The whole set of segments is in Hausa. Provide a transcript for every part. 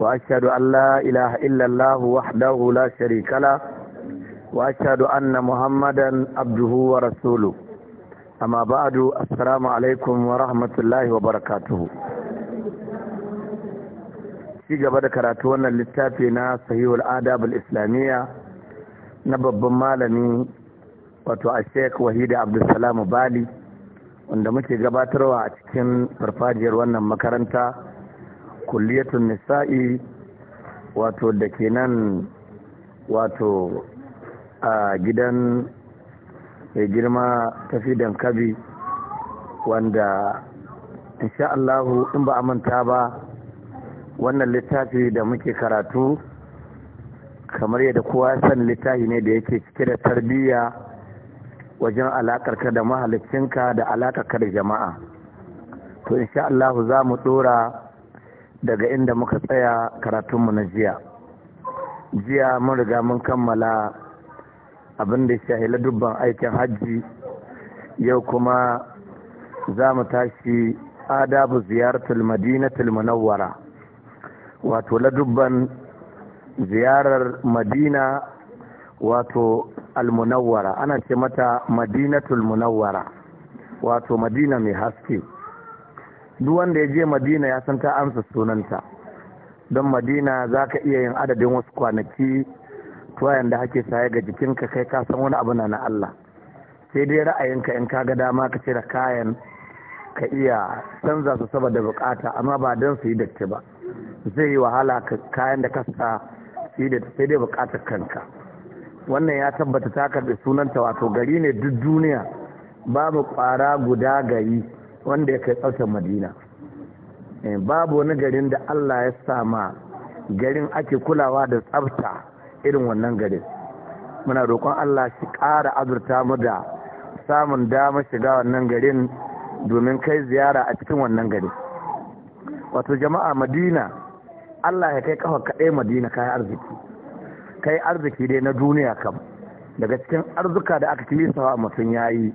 وأشهد أن لا إله إلا الله وحده لا شريك له وأشهد أن محمدا عبده ورسوله أما بعد السلام عليكم ورحمة الله وبركاته ci gaba da karatu wannan littafi na sahihul adab islamiyya na babban malami wato a sheik wahida abdulsalam bali wanda muke gabatarwa a cikin farfajiyar wannan makaranta kulliyatun nisa'i wato da ke nan wato a gidan mai girma ta fi dankabi wanda insha Allahu in ba a manta ba wannan littafi da muke karatu kamar yadda kowa san littafi ne da yake cike da tarbiyya wajen alakarka da mahalicinka da alakarka da jama'a to insha Allahu za mu dora daga inda muka tsaya karatunmu na jiya jiya mun riga mun kammala abin da shahila dubban aikin hajji yau kuma za mu tashi adabu ziyartul madinatul munawwara wato ladubban ziyarar madina wato almunawwara ana ce mata madinatul munawwara wato madina mai haske duk wanda ya je madina ya san ta amsa sunanta don madina za ka iya yin adadin wasu kwanaki tuwayen da ake saye ga jikinka kai ka san wani abu na na Allah sai dai ra'ayinka in ka ga dama ka cire kayan ka iya canza su saboda bukata amma ba don su yi datti ba zai yi wahala ka kayan da ka sa su yi datti sai dai bukatar kanka wannan ya tabbata ta karbi sunanta wato gari ne duk duniya babu kwara guda gari wanda ya kai tsarkin madina eh, babu wani garin da allah ya sama garin ake kulawa da tsabta irin wannan garin muna roƙon allah shi ƙara azurta mu da samun damar shiga wannan garin domin kai ziyara a cikin wannan garin wato jama'a madina allah ya kai kafa kaɗai madina kayan arziki kai arziki dai na duniya kam daga cikin arzuka da aka kilisawa mutum ya yi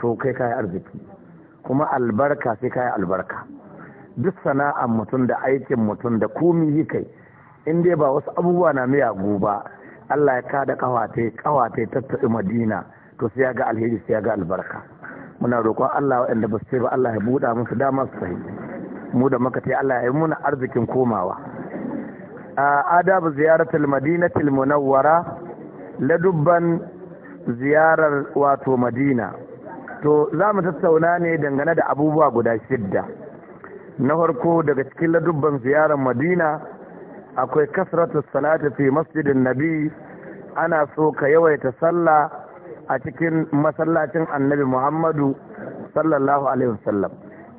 to kai kayan arziki kuma albarka sai kayi albarka duk sana'an mutum da aikin mutum da komi yi kai in dai ba wasu abubuwa na miyagu ba Allah ya kada kawate kawate tattaɓi madina to sai ya ga alheri sai ya ga albarka muna roƙon Allah waɗanda ba su ba Allah ya buɗa musu dama su sai mu da muka ce Allah ya yi muna arzikin komawa adabu ziyaratul madinatul munawwara ladubban ziyarar wato madina to za mu tattauna ne dangane da abubuwa guda shidda na farko daga cikin ladubban ziyarar madina akwai kasratu salati fi masjidin nabi ana so ka yawaita sallah a cikin masallacin annabi muhammadu sallallahu alaihi wasallam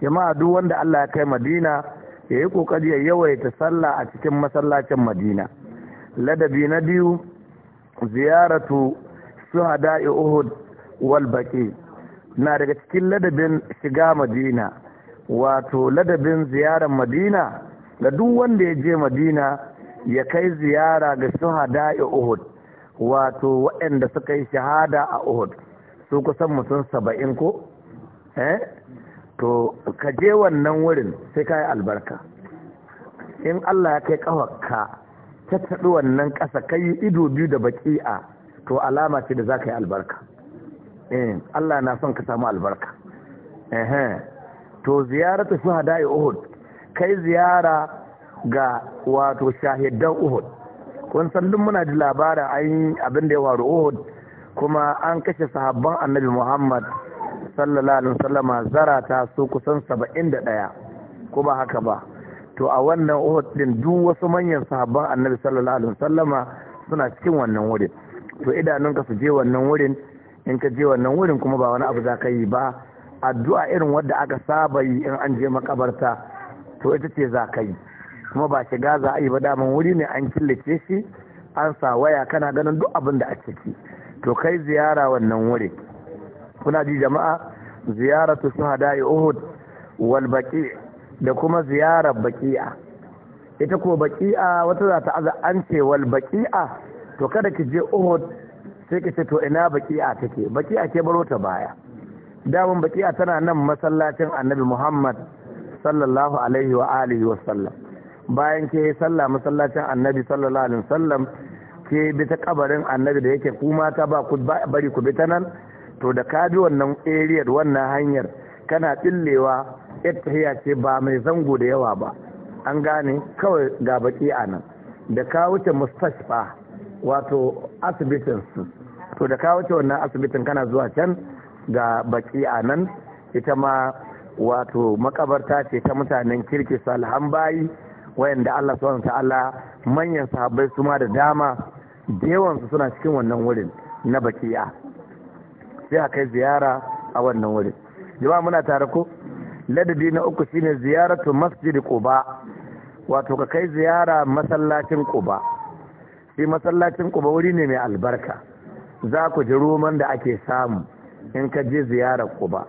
jama'a duk wanda allah ya kai madina ya yi kokari ya yawaita sallah a cikin masallacin madina ladabi na biyu ziyaratu suhada'i uhud wal baqi na daga cikin ladabin shiga madina wato ladabin ziyarar madina da duk wanda ya je madina ya kai ziyara ga shuhada a uhud wato waɗanda suka yi shahada a uhud su kusan mutum saba'in ko eh to ka je wannan wurin sai ka yi albarka in allah ya kai ƙawarka ta taɗi wannan ƙasa ka ido biyu da baƙi'a to alama ce da za ka yi albarka Eh, Allah na son ka samu albarka eh to ziyaratu yi uhud kai ziyara ga wato shahidan uhud kun san duk muna ji labarin an abin da ya waru uhud kuma an kashe sahabban annabi muhammad sallallahu alaihi wasallama zarata su kusan saba'in da ɗaya. ko ba haka ba to a wannan uhud din duk wasu manyan sahabban annabi sallallahu alaihi wasallama suna cikin wannan wurin to idanunka su je wannan wurin in ka je wannan wurin kuma ba wani abu za ka yi ba addu'a irin wadda aka saba yi in an je makabarta to ita ce za ka yi kuma ba shiga za a yi ba daman wuri ne an killace shi an sa waya kana ganin duk abin da a ciki to kai ziyara wannan wuri kuna ji jama'a ziyaratu suhada'i uhud wal baqi da kuma ziyarar baqi'a ita ko baqi'a wata za ta aza an ce wal baqi'a to kada ki je uhud sai ka ce to ina baki'a take baki'a ke baro ta baya damun baki'a tana nan masallacin annabi muhammad sallallahu alaihi wa alihi wa sallam bayan ke sallah masallacin annabi sallallahu alaihi wa sallam ke bi ta kabarin annabi da yake kuma ta ba ku bari ku bi ta nan to da ka bi wannan eriyar wannan hanyar kana tillewa ittahiya ce ba mai zango da yawa ba an gane kawai ga baki'a nan da ka wuce mustashfa wato asibitin to da ka wuce wannan asibitin kana zuwa can ga baki a nan ita ma wato makabarta ce ta mutanen kirki salihan bayi wayanda Allah subhanahu ta'ala manyan sahabai su ma da dama da suna cikin wannan wurin na bakiya sai a kai ziyara a wannan wurin jama'a muna tare ko ladabi na uku shine ziyaratu masjid quba wato ka kai ziyara masallacin quba shi masallacin kuba wuri ne mai albarka za ku ji roman da ake samu in ka je ziyarar kuba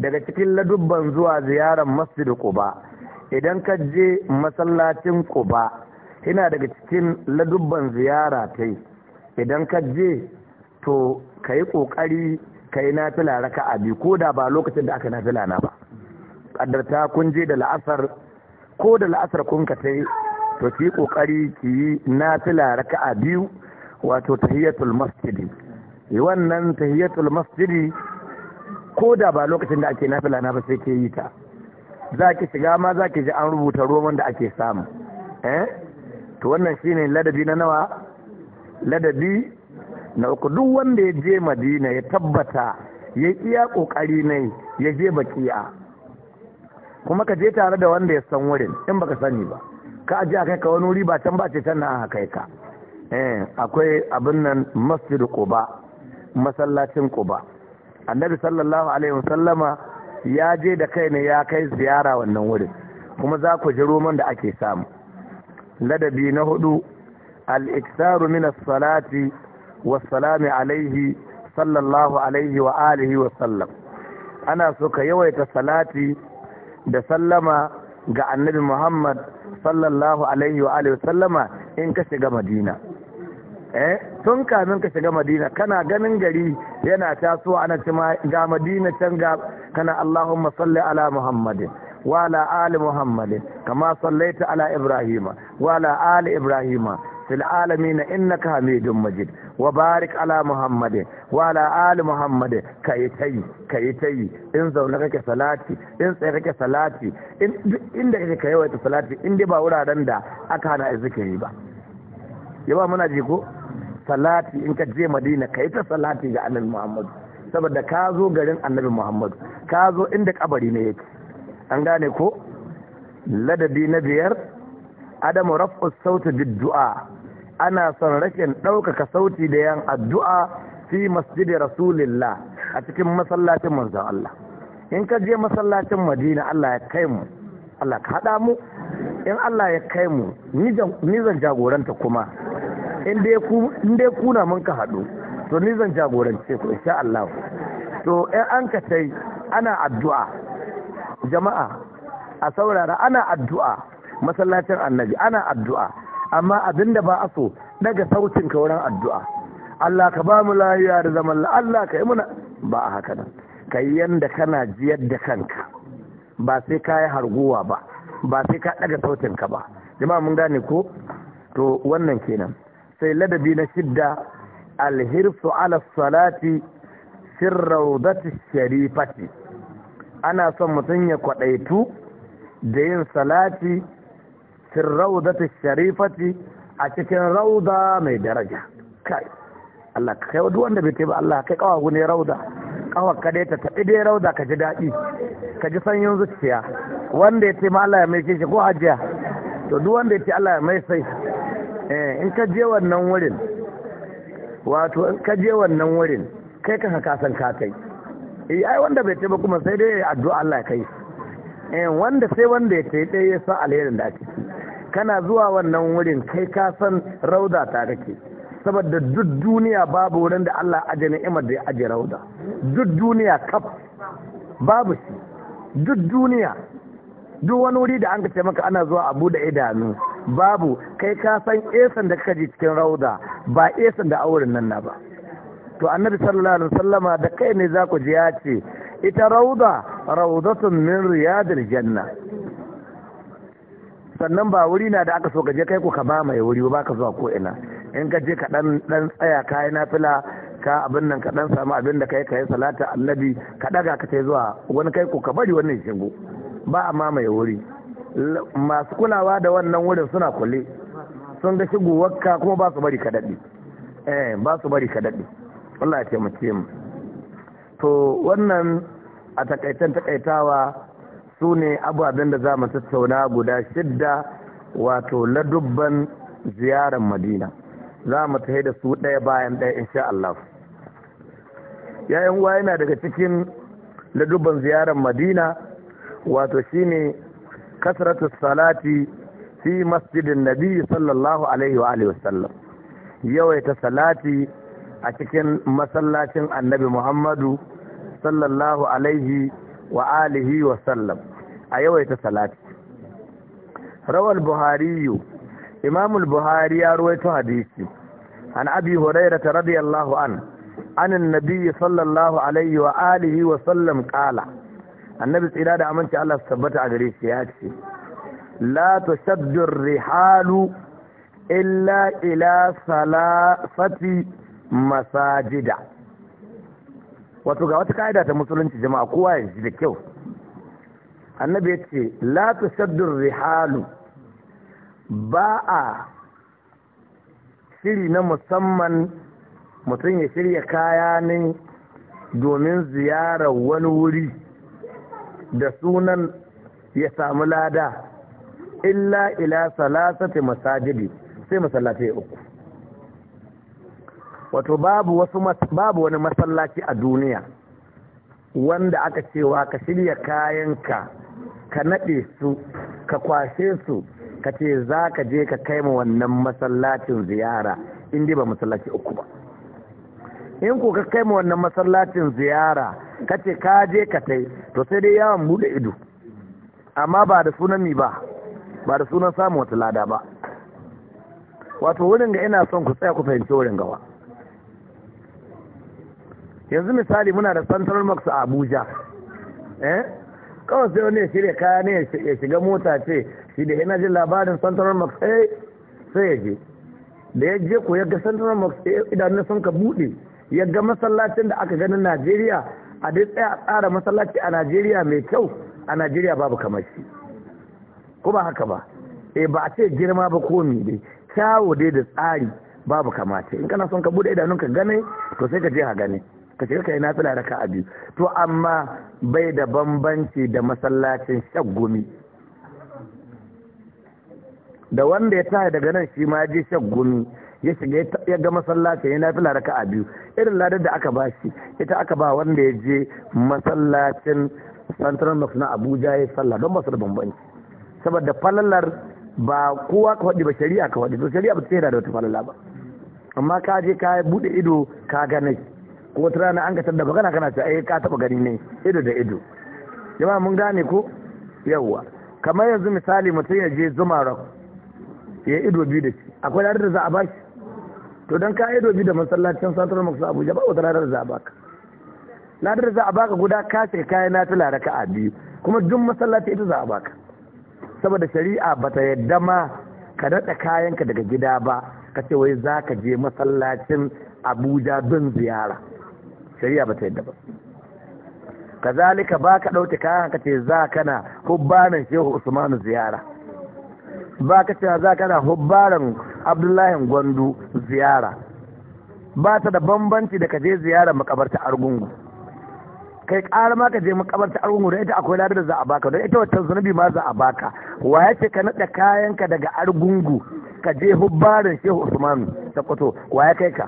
daga cikin ladubban zuwa ziyarar masjid kuba idan ka je masallacin kuba yana daga cikin ladubban ziyara ta yi idan ka je to ka yi ƙoƙari ka yi nafila raka abi ko da ba lokacin da aka nafila na ba ƙaddarta kun je da la'asar ko da la'asar kun ka ta yi. to ki kokari ki yi nafila raka'a biyu wato tahiyatul masjidi wannan tahiyatul masjidi ko da ba lokacin da ake nafila na ba sai ke yi ta za ki shiga ma za ki ji an rubuta roman da ake samu eh to wannan shine ladabi na nawa ladabi na uku duk wanda ya je madina ya tabbata ya iya kokari ne ya je Bakiya. kuma ka je tare da wanda ya san wurin in baka sani ba ka aje a kai ka wani wuri ba can ba ce can na aka kai ka eh, akwai abin nan masjid quba masallacin quba annabi sallallahu alaihi wasallama ya je da kai ne ya kai ziyara wannan wurin kuma za ku ji roman da ake samu ladabi na hudu al-iktaru min salati was-salami alaihi sallallahu alaihi wa alihi wa sallam ana so ka yawaita salati da sallama ga annabi Muhammad sallallahu alaihi wa alihi sallama in ka shiga madina eh tun kamin ka shiga madina kana ganin gari yana tasowa ana cewa ga madina can ga kana allahumma salli ala muhammadin wa ala ali muhammadin kama sallaita ala ibrahima wa ala ali ibrahima fil alamin innaka hamidum majid wa barik ala muhammadin wa ala ali muhammad ka yi tayi yi in zaune kake salati in tsaye kake salati inda kake ka salati in ba wuraren da aka hana yi ba yaba muna ji ko salati in ka je madina ka yi ta salati ga annabi muhammadu saboda ka zo garin annabi muhammadu ka zo inda kabari ne yake an gane ko ladabi na biyar adamu rafa sauti bid du'a ana son rashin ɗaukaka sauti da yan addu'a fi masjidi rasulillah a cikin masallacin manzon Allah in ka je masallacin madina Allah ya kai mu Allah ka haɗa mu in Allah ya kai mu ni zan jagoranta kuma in dai kuna mun ka haɗu to ni zan jagorance ku insha Allah to in an ka sai ana addu'a jama'a a saurara ana addu'a masallacin annabi ana addu'a amma abin da ba a so daga sautin ka wurin addu'a Allah ka ba mu lafiya da zaman Allah ka yi muna ba a haka nan ka yi yanda kana jiyar da kanka ba sai ka yi harguwa ba ba sai ka daga sautin ka ba jama'a mun gane ko to wannan kenan sai ladabi na shidda alhirsu ala salati sirraudati sharifati ana son mutum ya kwadaitu da yin salati fi raudati sharifati a cikin rauda mai daraja kai Allah ka kai duk wanda bai ba Allah kai kawa ne rauda kawar ka dai ta tafi dai rauda ka ji daɗi ka ji sanyin zuciya wanda ya ce ma Allah ya mai shi ko hajiya to duk wanda ya ce Allah ya mai sai eh in ka je wannan wurin wato in ka je wannan wurin kai kan ka san ka kai eh ai wanda bai ce ba kuma sai dai addu'a Allah ya kai eh wanda sai wanda ya ce dai ya sa alherin da ake kana zuwa wannan wurin kai ka san rauda ta rike saboda duk duniya babu wurin da Allah aje ni'imar da ya aje rauda duk duniya kaf babu shi duk duniya duk wani wuri da an kace maka ana zuwa abu da idanu babu kai ka san esan da kaje cikin rauda ba esan da auren nan na ba to annabi sallallahu alaihi wasallama da kai ne za ku ji ya ce ita rauda raudatun min riyadil janna sannan ba wuri na da aka so ka je kai ku ka ba mai wuri ba ka zuwa ko ina in ka je ka dan dan tsaya kai na fila ka abin nan ka dan samu abin da kai kai salata annabi ka daga ka tai zuwa wani kai ku ka bari wannan shigo ba a mamaye wuri masu kulawa da wannan wurin suna kulle sun ga shigo wakka kuma ba su bari ka dadi eh ba su bari ka dadi Allah ya taimake mu to wannan a takaitan takaitawa su ne ababen da za mu tattauna guda shidda wato ladubban ziyarar madina za mu tafi da su ɗaya bayan ɗaya insha Allah yayin uwa yana daga cikin ladubban ziyarar madina wato shine kasratu salati fi masjidin nabi sallallahu alaihi wa alihi wasallam yawaita salati a cikin masallacin annabi muhammadu sallallahu alaihi wa alihi wasallam a yawaita salati rawal buhariyu imamul buhari ya ta hadisi an abi ta radiyallahu an anin annabi sallallahu alaihi wa alihi wa sallam kala annabi tsira da aminci Allah su tabbata a gare shi ya ce la tushaddu rihalu illa ila salafati masajida wato ga wata ka'ida ta musulunci jama'a kowa ya ji da kyau annabi ya ce la tusaddur rihalu ba a shiri na musamman mutum ya shirya kaya ne domin ziyarar wani wuri da sunan ya samu lada illa ila salasati masajidi sai masallatai uku wato babu wasu babu wani masallaci a duniya wanda aka cewa ka shirya kayanka ka naɗe su ka kwashe su ka ce za ka je ka kai ma wannan masallacin ziyara in dai ba masallaci uku ba in ko ka kai ma wannan masallacin ziyara ka ce ka je ka tai to sai dai yawon bude ido amma ba da sunan mi ba ba da sunan samun wata lada ba wato wurin ga ina son ku tsaya ku fahimci wurin gawa yanzu misali muna da central max a abuja eh kawai sai wani ya shirya kaya ne ya shiga mota ce shi da yana jin labarin central max eh, sai ya je da ya je ko ya ga central max eh, idanun sun ka buɗe ya ga masallacin da aka ganin najeriya a dai tsaya a tsara masallaci a najeriya mai kyau a najeriya babu kamar shi ko ba haka ba eh ba a ce girma ba komi dai kyawo dai da tsari babu kamata in kana son ka buɗe ka gane to sai ka je ka gane ka shiga kai nafila a biyu to amma bai da bambanci da masallacin shaggumi da wanda ya taya daga nan shi ma je shaggumi ya shiga ya ga masallacin ya nafila a biyu irin ladar da aka ba shi ita aka ba wanda ya je masallacin central mosque na abuja ya sallah don masu da bambanci saboda falalar ba kowa ka faɗi ba shari'a ka faɗi to shari'a ba ta da wata falala ba amma ka je ka buɗe ido ka gane wata rana an ka da magana kana ce ai eh, ka taba gani ne ido da ido jama'a mun gane ko yawwa kamar yanzu misali mutum ya je zuma rock ya ido biyu da shi akwai ladar da za a bashi to dan ka ido biyu da masallacin santar maksu abuja ba wata ladar da za a baka ladar da za a baka guda ka na biyu kuma duk masallaci ita za a baka saboda shari'a ta yadda ma ka daɗa kayanka daga gida ba ka ce wai za ka je masallacin abuja don ziyara shari'a ba ta yadda ba kazalika ba ka ɗauke kayan ka ce za kana hubbanin shehu usmanu ziyara ba ka ce za kana hubbanin abdullahi gwandu ziyara ba ta da bambanci da ka je ziyara makabarta argungu kai ƙara ma ka je makabarta argungu da ita akwai ladar da za a baka don ita wata zunubi ma za a baka wa ya ce ka naɗa ka daga argungu ka je hubbanin shehu usmanu ta kwato wa ya kai ka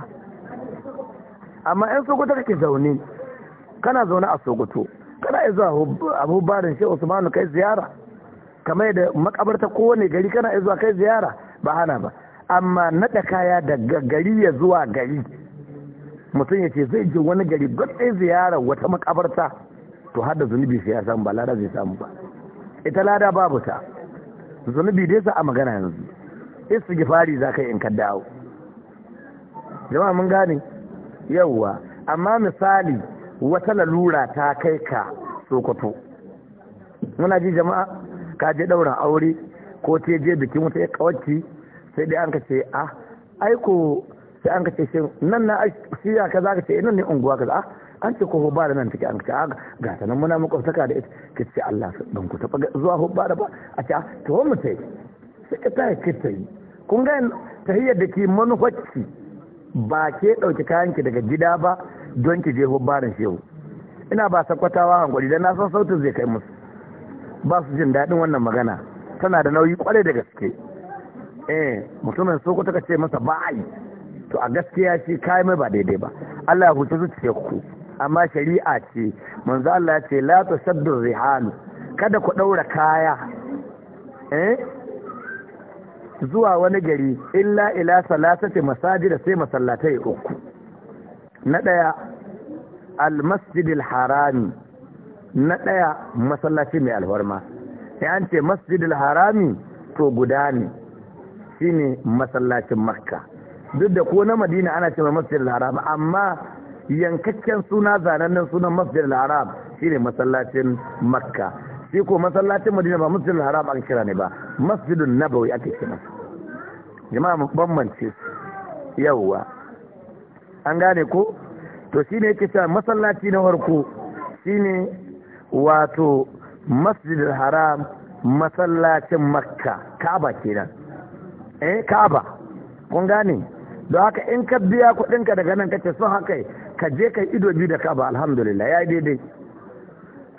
amma yan sokoto kake zaune kana zaune a sokoto kana iya zuwa abubuwan shi usmanu kai ziyara kamar da makabarta kowane gari kana iya zuwa kai ziyara ba hana ba amma naɗa kaya daga gari ya zuwa gari mutum ya ce zai je wani gari gwamnati ziyara wata makabarta to har da zunubi sai ya samu ba lada zai samu ba ita lada babu ta zunubi dai sa a magana yanzu istighfari za ka yi in ka dawo jama'a mun gane yauwa amma misali wata lalura ta kai ka sokoto muna ji jama'a ka je ɗaurin aure ko te je bikin wata ya kawarci sai dai an ka ce ah aiko sai an ka ce shi nan na shiya ka za ka ce nan ne unguwa ka ah an ce ko hubba da nan take an ce ah, ga ta nan muna makwabtaka da ita ke ce Allah ban ku taɓa zuwa hubba da ba a ce ah, to mu sai sai ka ta ke ta yi kun ga tahiyyar da ke manufarci ba ke ɗauki kayanki daga gida ba don ki je hubbarin shehu ina ba sakwatawa hankali don na san sautin zai kai musu ba su jin daɗin wannan magana tana da nauyi kwarai da gaske eh mutumin soko ta ce masa ba yi to a gaskiya shi kayan mai ba daidai ba Allah ya huce zuciya ku amma shari'a ce manzo Allah ya ce la tusaddu rihan kada ku ɗaura kaya eh zuwa wani gari illa ila salasati masajida sai masallatai uku na ɗaya almasjidil harami na ɗaya masallaci mai alfarma ya an ce masjidil harami to guda ne shine masallacin makka duk da ko na madina ana ce masjidil haram amma yankakken suna zanannen sunan masjidil haram shine masallacin makka shi ko masallacin madina ba masjidil haram an kira ne ba masjidun nabawi ake kira jama'a mu bambance yawwa an gane ko to shine yake cewa masallaci na farko shine wato masjidil haram masallacin makka kaba kenan eh kaba kun gane don haka in ka biya kuɗinka daga nan kace sun haka ka je kai ido biyu da kaba alhamdulillah ya daidai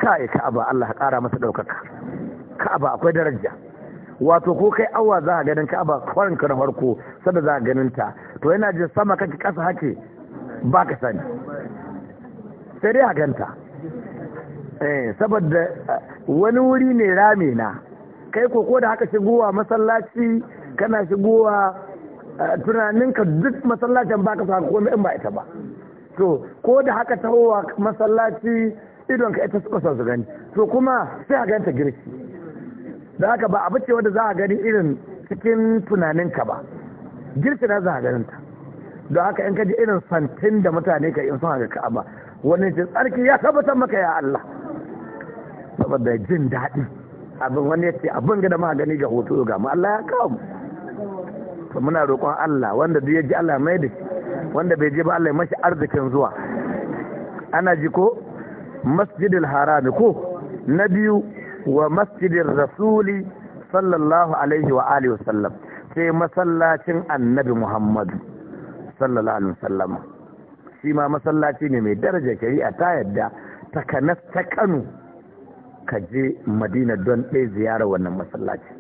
kai ka'aba Allah ya kara masa ɗaukaka ka'aba akwai daraja wato ko kai awa za a ganin ba kwarin ka na farko sada za a ganin ta to yana jin sama kanki kasa hake ba ka sani sai dai a ganta eh saboda eh, wani wuri ne rame na kai ko ko da haka shigowa masallaci kana shigowa eh, tunaninka duk masallacin ba ka saka komai in ba ita ba to ko da haka tahowa masallaci idonka ita suka sa su gani to kuma sai a ganta girki da haka ba abu ce wanda za a gani irin cikin tunaninka ba girkina za a ganin ta da haka in kaji ji irin santin da mutane ka in sun haka ka'aba wani ce tsarki ya tabbatar maka ya Allah saboda jin daɗi abin wani ya ce abin ga ma gani ga hoto ga mu Allah ya kawo mu to muna roƙon Allah wanda duk ya ji Allah mai da shi wanda bai je ba Allah ya mashi arzikin zuwa ana ji ko masjidil harami ko na biyu wa masjidin rasuli sallallahu alaihi wa alihi sallam sai masallacin annabi muhammadu sallallahu alaihi sallam shi ma masallaci ne mai daraja shari'a ta yadda ta kanas ta kano ka je madina don ɗaya ziyara wannan masallaci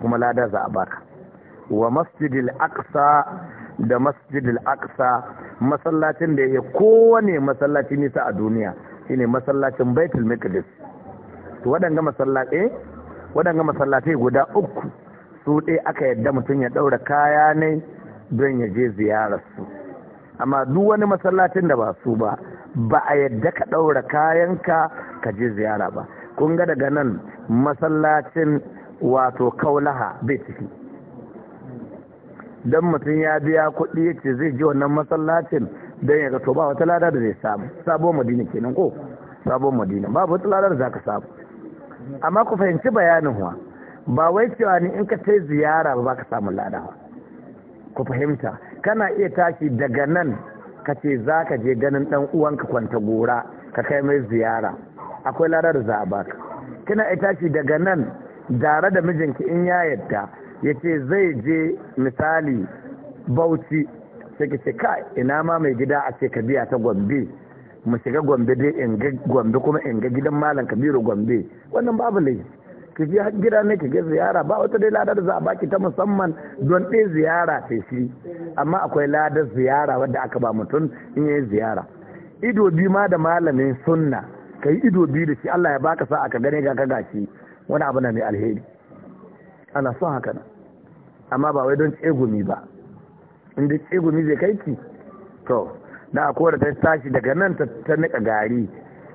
kuma lada za a baka wa masjidil aqsa da masjidil aqsa masallacin da ya kowane masallaci nisa a duniya shine masallacin baitul maqdis to waɗanga masallatai waɗanga masallatai guda uku su ɗaya aka yadda mutum ya ɗaura kaya ne don ya je ziyararsu amma duk wani masallacin da ba su ba ba a yadda ka ɗaura kayanka ka je ziyara ba kun ga daga nan masallacin wato kaulaha bai ciki don mutum ya biya kuɗi ya ce zai je wannan masallacin don ya ga to ba wata lada da zai samu sabon madina kenan ko sabon madina ba wata lada da za ka samu amma ku fahimci bayanin wa ba wai cewa ni in ka tai ziyara ba ka samu lada ba ku fahimta kana iya tashi daga nan ka ce za ka je ganin dan uwanka kwanta gora ka kai mai ziyara akwai ladar za a baka kina iya tashi daga nan dare da mijinki in ya yadda ya ce zai je misali bauchi sai ka ce kai ina ma mai gida a ce ka biya ta gombe mu shiga gombe dai in ga gombe kuma in ga gidan malam kabiru gombe wannan babu laifi ki je gida ne ki ga ziyara ba wata dai ladar za a baki ta musamman don ɗaya ziyara ta shi amma akwai ladar ziyara wadda aka ba mutum in yi ziyara ido bi ma da malamin sunna ka yi ido bi da shi Allah ya baka sa aka gane ga ka gashi wani abu na mai alheri ana son haka na. amma ba wai don tsegumi ba in dai tsegumi zai kai ki to da akwai da ta tashi daga nan ta nika gari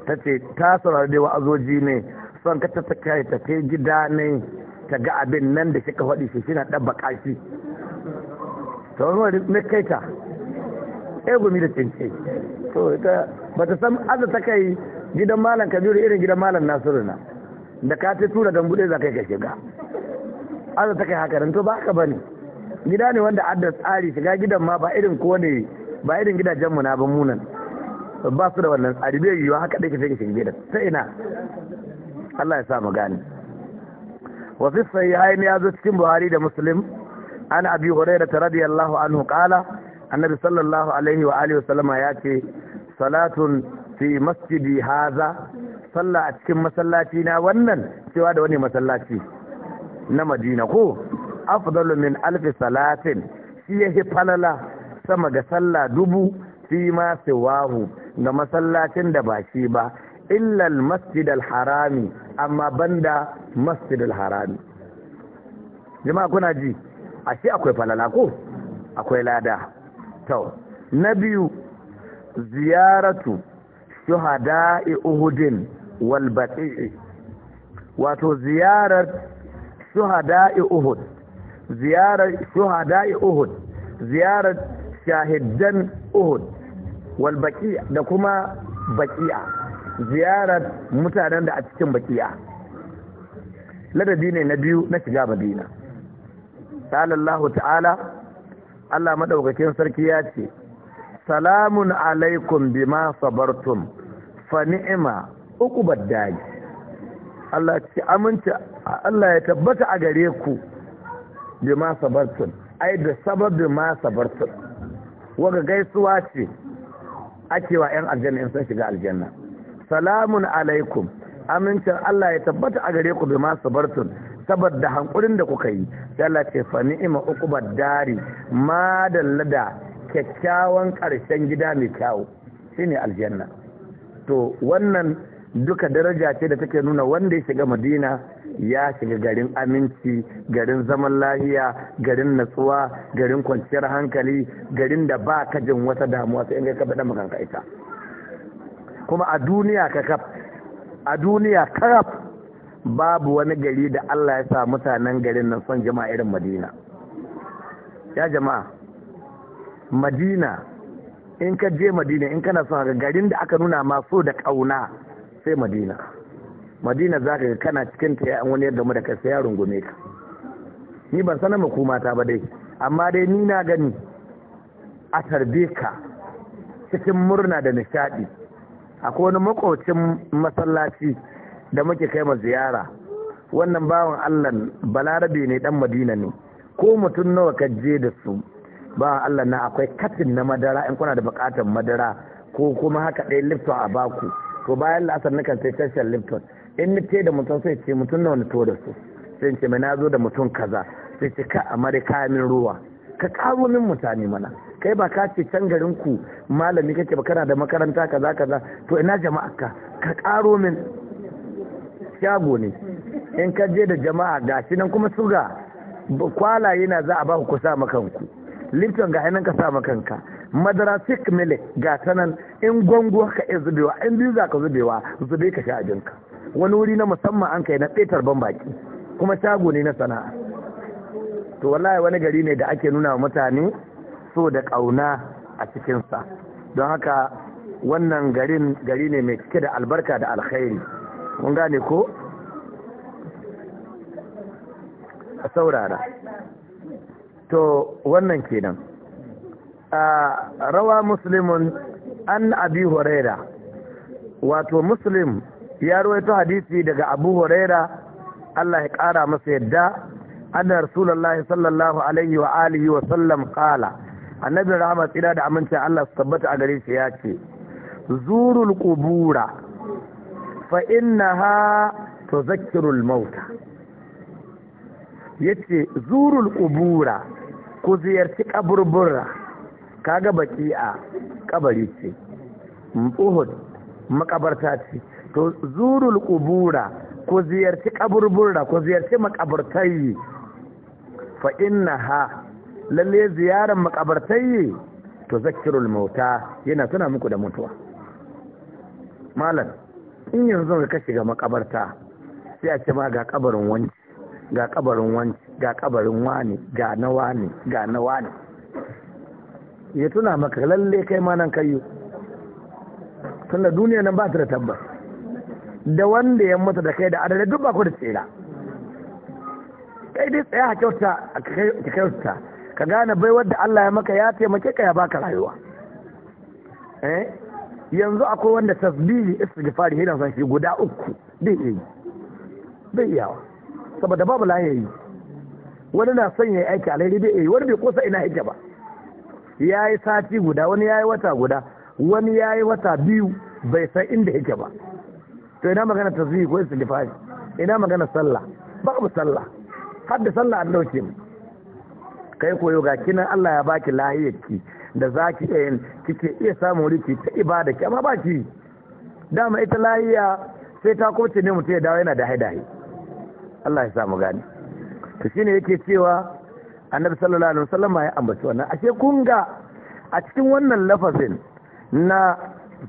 ta ce ta saurari da wa'azoji ne son ka ta kai ta kai gida ne ta ga abin nan da shi ka faɗi shi shi na ɗan baƙashi ta wani ne kai ta ɗaya gumi da cince to ita ba ta san aza ta kai gidan malam kabiru irin gidan malam nasiru na da ka ta tura don buɗe za ka yi ka shiga aza ta kai haka to ba ka ba ne gida ne wanda adda tsari shiga gidan ma ba irin ko ne ba irin gidajenmu na ban munan ba su da wannan tsari bai yiwuwa haka ɗaya kace kafin gidan ta ina Allah ya sa mu gane wa fi haini ya zo cikin Buhari da Muslim an Abi Hurairah radiyallahu an hukala annabi sallallahu alaihi wa alihi wasallama ya ce salatun fi masjidi haza sallah a cikin masallaci na wannan cewa da wani masallaci na Madina ko afdalu min alfi salatin shi ya yahi falala sama ga sallah dubu fi ma siwahu ga masallacin da ba shi ba illal masjid harami amma banda masjid harami jama'a kuna ji ashe akwai falala ko akwai lada to na biyu ziyaratu shuhada'i uhudin wal baqi'i wato ziyarar shuhada'i uhud ziyarar shuhada'i uhud ziyarar shahidan uhud wal da kuma bakiya ziyarar mutanen da a cikin bakiya. ladabi ne na biyu na shiga madina sallallahu ta'ala Allah madaukakin sarki ya ce salamun alaikum bima sabartum fa ni'ima uku dayi Allah ce aminci Allah ya tabbata a gare ku bima sabartum ai da sababin ma sabartum waga gaisuwa ce ake wa 'yan aljanna in sun shiga aljanna salamun alaikum amincin Allah ya tabbata a gare ku bi masu bartun saboda hankulin da kuka yi sai Allah ce fa ni'ima ba dari ma lada kyakkyawan karshen gida mai kyau ne aljanna to wannan duka daraja ce da take nuna wanda ya shiga Madina ya shiga garin aminci garin zaman lahiya garin natsuwa garin kwanciyar hankali garin da ba ka jin wata damuwa sai in ga kaɓe ɗan ka ita kuma a duniya ka kaf, a duniya karaf babu wani gari da Allah ya sa mutanen garin nan son jama'a irin madina ya jama'a madina in ka je madina in kana son garin da aka nuna ma so da ƙauna sai madina madina za ka kana cikin ta 'ya'yan wani yadda mu da kasa ya rungume ka ni ban sanar makoma ta ba dai amma dai ni na gani a tarbe ka cikin murna da nishadi akwai wani makocin masallaci da muke kai ma ziyara wannan bawan Allah balarabe ne dan madina ne ko mutum nawa ka je da su bawan Allah na akwai katin na madara in kuna da bukatar madara ko kuma haka ɗaya lifton a baku to bayan la'asar nukan sai tashar lifton in ni ce da mutum sai ce mutum na wani to da su sai ce mai na zo da mutum kaza sai ce ka amurka kayan ruwa ka karo min mutane mana kai ba ka ce can garin ku malami kake ba kana da makaranta kaza kaza to ina jama'a ka ka karo min shago ne in ka je da jama'a gashi nan kuma suga kwalaye na za a ba ku sa makanku lifton ga hannun ka sa makanka madara sik ga ta nan in gwango ka iya zubewa in biyu za ka zubewa zube ka sha abinka wani wuri na musamman an kai na tsetar ban baki kuma shago ne na sana'a to wallahi wani gari ne da ake nuna mutane so da ƙauna a cikinsa don haka wannan garin gari ne mai cike da albarka da alkhairi mun gane ko a saurara to wannan kenan rawa muslimun an abi horaira wato muslim ya ruwaito hadisi daga abu huraira Allah ya kara masa yadda anna rasulullahi sallallahu alaihi wa alihi wa sallam qala annabi rahama tsira da amince Allah su tabbata a gare shi ya ce zurul qubura fa innaha tuzakkirul mauta yace zurul qubura ku ziyarci kaburbura kaga baki'a kabari ce Uhud makabarta ce to zurul kubura ku ziyarci kaburbura ko ziyarci makabartai fa ha, lalle ziyaran makabartai to zakirul mauta yana tuna muku da mutuwa malam in yanzu ka shiga makabarta sai a ce ma ga kabarin wanci ga kabarin wanci ga kabarin wani ga na wani ga na wani ya tuna maka lalle kai ma nan kayo tunda duniya nan ba ta da tabbas da wanda ya mutu da kai da adalai duk ba da tsira kai dai tsaya a kyauta ka kyauta ka gane bai wadda Allah ya maka ya taimake ka ya baka rayuwa eh yanzu akwai wanda tasbihi istighfari yana son shi guda uku bai yi bai yawa saboda babu lahiyi wani na son yayi aiki alheri bai yi wani bai kosa ina yake ba yayi sati guda wani yayi wata guda wani yayi wata biyu bai san inda yake ba to ina magana tasbihi ko istighfari ina magana sallah babu sallah har da sallah an dauke mu kai koyo ga kinan Allah ya baki lahiyarki da zaki ki yin kike iya samu riki ta ibada ki amma baki dama ita lahiya sai ta kwace ne mutum ya dawo yana da haidaye Allah ya samu gani to shine yake cewa annabi sallallahu alaihi wasallam ya ambaci wannan ashe kun ga a cikin wannan lafazin na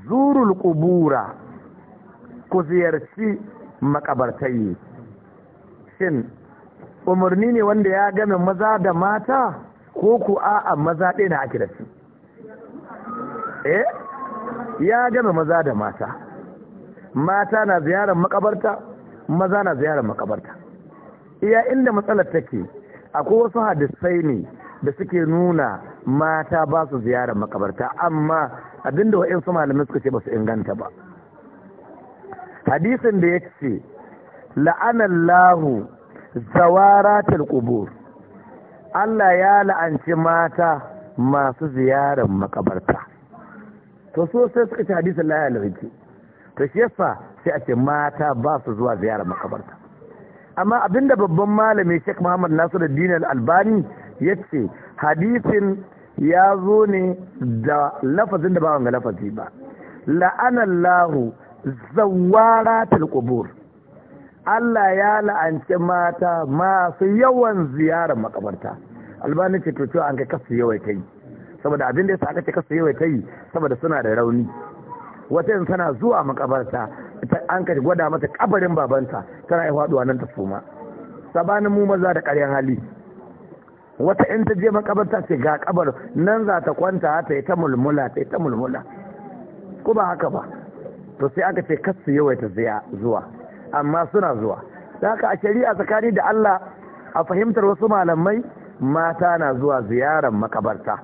zurul qubura ku ziyarci makabartai shin umarni ne wanda ya game maza da mata ko ku a'a maza ɗaya na ake da shi eh ya game maza da mata mata na ziyarar makabarta maza na ziyarar makabarta iya inda matsalar take akwai wasu hadisai ne da suke nuna mata ba su ziyarar makabarta amma abinda wa'in su malamai suka ce ba su inganta ba hadisin da ya ce la'anallahu zawaratul qubur Allah ya la'anci mata masu ziyarar makabarta to so sai suka ce hadisin la yalhiji to shi yasa sai a ce mata ba su zuwa ziyarar makabarta amma abinda babban malami Sheikh Muhammad Nasiruddin Al-Albani ya ce hadisin ya zo ne da lafazin da ba wanga lafazi ba la'anallahu zawaratul kubur Allah ya la'anci mata masu yawan ziyarar makabarta albani ce to an kai kasu yawai ta saboda abin da ya aka ce kasu yawai ta yi saboda suna da rauni wata yin tana zuwa makabarta an ka gwada mata kabarin babanta tana yi haɗuwa nan ta suma sabanin mu maza da ƙaryan hali wata in ta je makabarta ce ga kabar nan za ta kwanta ta yi ta mulmula ta yi ta mulmula ko ba haka ba to sai aka ce kasu yawaita zuwa amma suna zuwa da haka a shari'a tsakani da Allah a fahimtar wasu malamai mata na zuwa ziyarar makabarta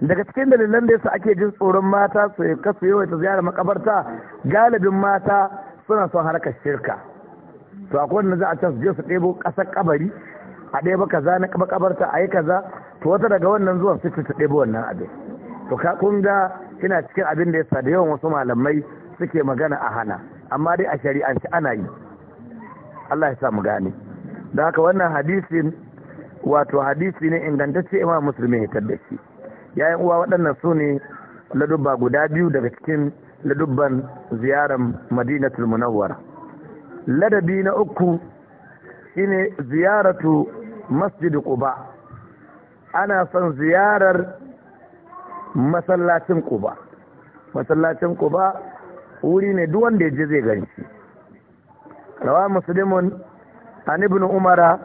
daga cikin dalilan da yasa ake jin tsoron mata su kasu yawaita ziyarar makabarta galibin mata suna son harkar shirka to akwai wanda za a can su je su ɗebo ƙasar kabari a ɗebo kaza na makabarta a yi kaza to wata daga wannan zuwan su ta ɗebo wannan abin to ka kun ga ina cikin abin da ya sa da yawan wasu malamai suke magana a hana amma dai a shari'anci ana yi Allah ya sa mu gane da haka wannan hadisin wato hadisi ne ingantacce imam musulmi ya da shi yayin uwa waɗannan su ne ladubba guda biyu daga cikin ladubban ziyarar madinatul munawwara ladabi na uku shine ziyaratu masjid quba ana son ziyarar masallacin kuba masallacin kuba wuri ne duk wanda ya je zai gani rawa muslimun an ibn umara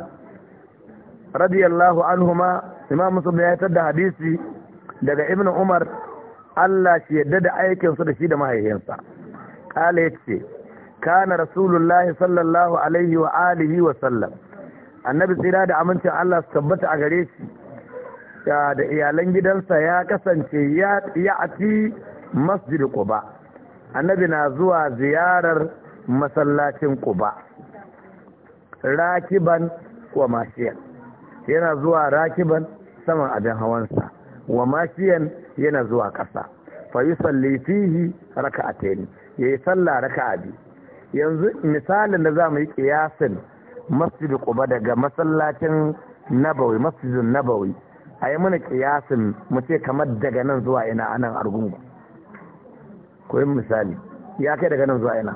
radiyallahu anhuma imam muslim ya tar hadisi daga ibn umar Allah shi yadda da aikinsa da shi da mahaifinsa kala yace kana rasulullahi sallallahu alaihi wa alihi wa sallam annabi tsira da amincin Allah su tabbata a gare shi da iyalan gidansa ya kasance ya ati masjid Anabi annabi na zuwa ziyarar masallacin quba rakiban wa mashiyan yana zuwa rakiban saman abin hawansa wa mashiyan yana zuwa ƙasa fa salli fihi ya yayi sallah a biyu yanzu misalin da za mu yi kiyasin masjid quba daga masallacin nabawi masjidin nabawi a yi mana kiyasin mu ce kamar daga nan zuwa ina nan argungu ko yin misali ya kai daga nan zuwa ina